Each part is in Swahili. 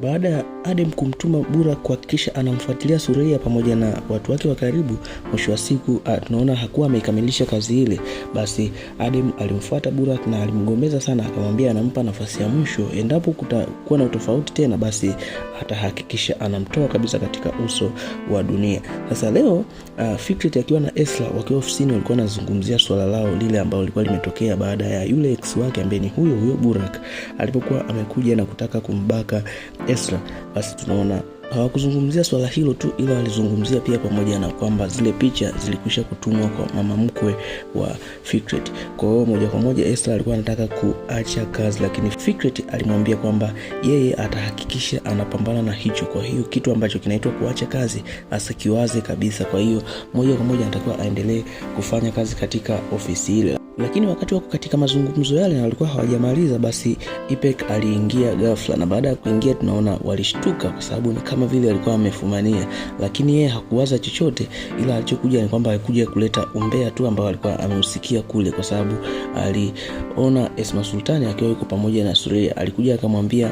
Baada ya Adem kumtuma Bura kuhakikisha anamfuatilia Sureia pamoja na watu wake wa karibu, mwisho wa siku ah, tunaona hakuwa ameikamilisha kazi ile. Basi Adem alimfuata Bura na alimgombeza sana, akamwambia anampa nafasi ya mwisho, endapo kutakuwa na utofauti tena, basi atahakikisha anamtoa kabisa katika uso wa dunia. Sasa leo uh, Fikret akiwa na Esla wakiwa ofisini walikuwa wanazungumzia swala lao lile ambalo lilikuwa limetokea baada ya yule ex wake ambaye ni huyo huyo Burak alipokuwa amekuja na kutaka kumbaka Esra, basi tunaona hawakuzungumzia swala hilo tu, ila walizungumzia pia pamoja na kwamba zile picha zilikwisha kutumwa kwa mama mkwe wa Fikret. Kwa hiyo moja kwa moja Esther alikuwa anataka kuacha kazi, lakini Fikret alimwambia kwamba yeye atahakikisha anapambana na hicho. Kwa hiyo kitu ambacho kinaitwa kuacha kazi asikiwaze kabisa. Kwa hiyo moja kwa moja anatakiwa aendelee kufanya kazi katika ofisi ile lakini wakati wako katika mazungumzo yale na walikuwa hawajamaliza, basi Ipek aliingia ghafla, na baada ya kuingia tunaona walishtuka kwa sababu ni kama kama vile alikuwa amefumania, lakini yeye hakuwaza chochote, ila alichokuja ni kwamba alikuja kuleta umbea tu ambao alikuwa ameusikia kule, kwa sababu aliona Esma Sultani akiwa yuko pamoja na Suria, alikuja akamwambia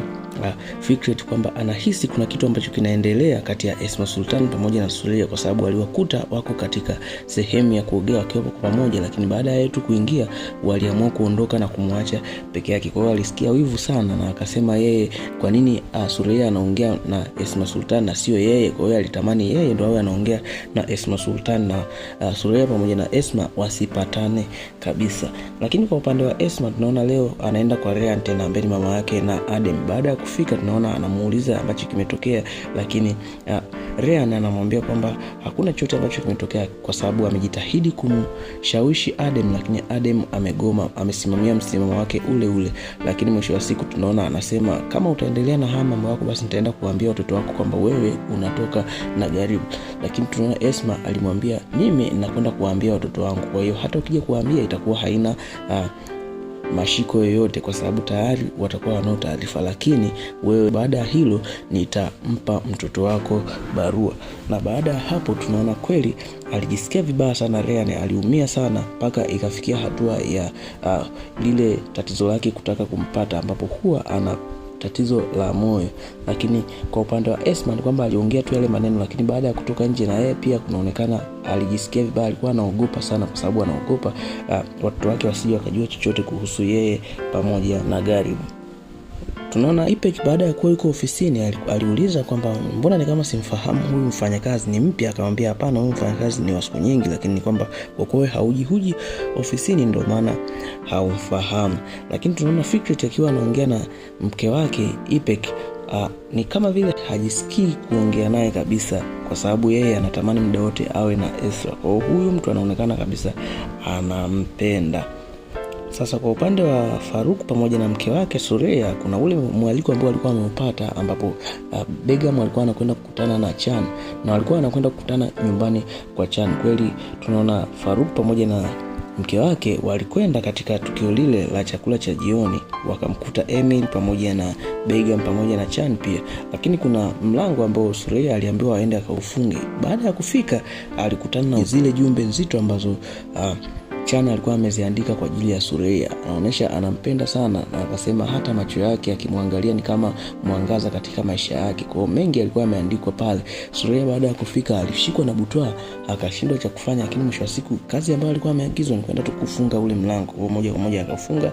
uh, tu kwamba anahisi kuna kitu ambacho kinaendelea kati ya Esma Sultan pamoja na Suria kwa sababu aliwakuta wako katika sehemu ya kuogea wakiwa kwa pamoja, lakini baada ya yetu kuingia waliamua kuondoka na kumwacha peke yake. Kwa hiyo alisikia wivu sana na akasema yeye kwa nini uh, ah, Suria anaongea na Esma Sultan na sio yeye. Kwa hiyo alitamani yeye ndo awe anaongea na Esma Sultan na uh, ah, Suria pamoja na Esma wasipatane kabisa. Lakini kwa upande wa Esma tunaona leo anaenda kwa Rea tena mbele mama yake na Adem baada ya kufika tunaona anamuuliza ambacho kimetokea lakini uh, Ryan anamwambia kwamba hakuna chote ambacho kimetokea kwa sababu amejitahidi kumshawishi Adam, lakini Adam amegoma, amesimamia msimamo wake ule ule. Lakini mwisho wa siku tunaona anasema kama utaendelea na haya mambo yako, basi nitaenda kuambia watoto wako kwamba wewe unatoka na garibu Lakini tunaona Esma alimwambia mimi nakwenda kuwaambia watoto wangu, kwa hiyo hata ukija kuwaambia itakuwa haina uh, mashiko yoyote, kwa sababu tayari watakuwa wanao taarifa. Lakini wewe baada ya hilo, nitampa mtoto wako barua. Na baada ya hapo, tunaona kweli alijisikia vibaya sana Ryan, aliumia sana mpaka ikafikia hatua ya uh, lile tatizo lake kutaka kumpata, ambapo huwa ana tatizo la moyo. Lakini kwa upande wa Esma ni kwamba aliongea tu yale maneno, lakini baada ya kutoka nje na yeye pia kunaonekana alijisikia vibaya, alikuwa anaogopa sana, kwa sababu anaogopa uh, watoto wake wasije wakajua chochote kuhusu yeye pamoja na Gharibu. Tunaona Ipek baada ya kuwa yuko ofisini aliuliza kwamba mbona ni kama simfahamu huyu mfanyakazi, ni mpya? Akamwambia hapana, huyu mfanyakazi ni wa siku nyingi, lakini ni kwamba kwa haujihuji ofisini ndio maana haumfahamu. Lakini tunaona Fikret akiwa anaongea na mke wake Ipek, uh, ni kama vile hajisikii kuongea naye kabisa, kwa sababu yeye anatamani muda wote awe na Esra. Kwa huyu mtu anaonekana kabisa anampenda. Sasa kwa upande wa Faruk pamoja na mke wake Sureya, kuna ule mwaliko ambao walikuwa wameupata, ambapo uh, Begam alikuwa anakwenda kukutana na Chan na walikuwa wanakwenda kukutana nyumbani kwa Chan. Kweli tunaona Faruk pamoja na mke wake walikwenda katika tukio lile la chakula cha jioni, wakamkuta Emil pamoja na Begam pamoja na Chan pia, lakini kuna mlango ambao Sureya aliambiwa aende akaufunge. Baada ya kufika alikutana na zile jumbe nzito ambazo uh, Chana alikuwa ameziandika kwa ajili ya Sureia. Anaonyesha anampenda sana na akasema hata macho yake akimwangalia ni kama mwangaza katika maisha yake. Kwa mengi alikuwa ameandikwa pale. Sureia baada ya kufika alishikwa na butwa akashindwa cha kufanya, lakini mwisho wa siku kazi ambayo alikuwa ameagizwa ni kwenda tu kufunga ule mlango. Kwa moja kwa moja akafunga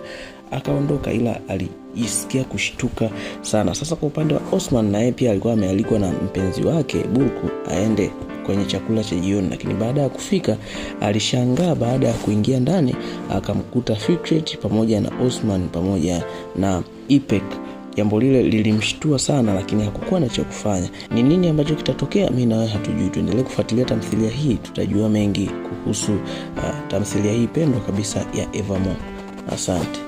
akaondoka ila alijisikia kushtuka sana. Sasa kwa upande wa Osman, naye pia alikuwa amealikwa na mpenzi wake Burku aende kwenye chakula cha jioni, lakini baada ya kufika alishangaa, baada ya kuingia ndani akamkuta Fikret pamoja na Osman pamoja na Ipek. Jambo lile lilimshtua sana, lakini hakukuwa na cha kufanya. Ni nini ambacho kitatokea, mi nawe hatujui. Tuendelee kufuatilia tamthilia hii, tutajua mengi kuhusu uh, tamthilia hii pendwa kabisa ya Evermore. Asante.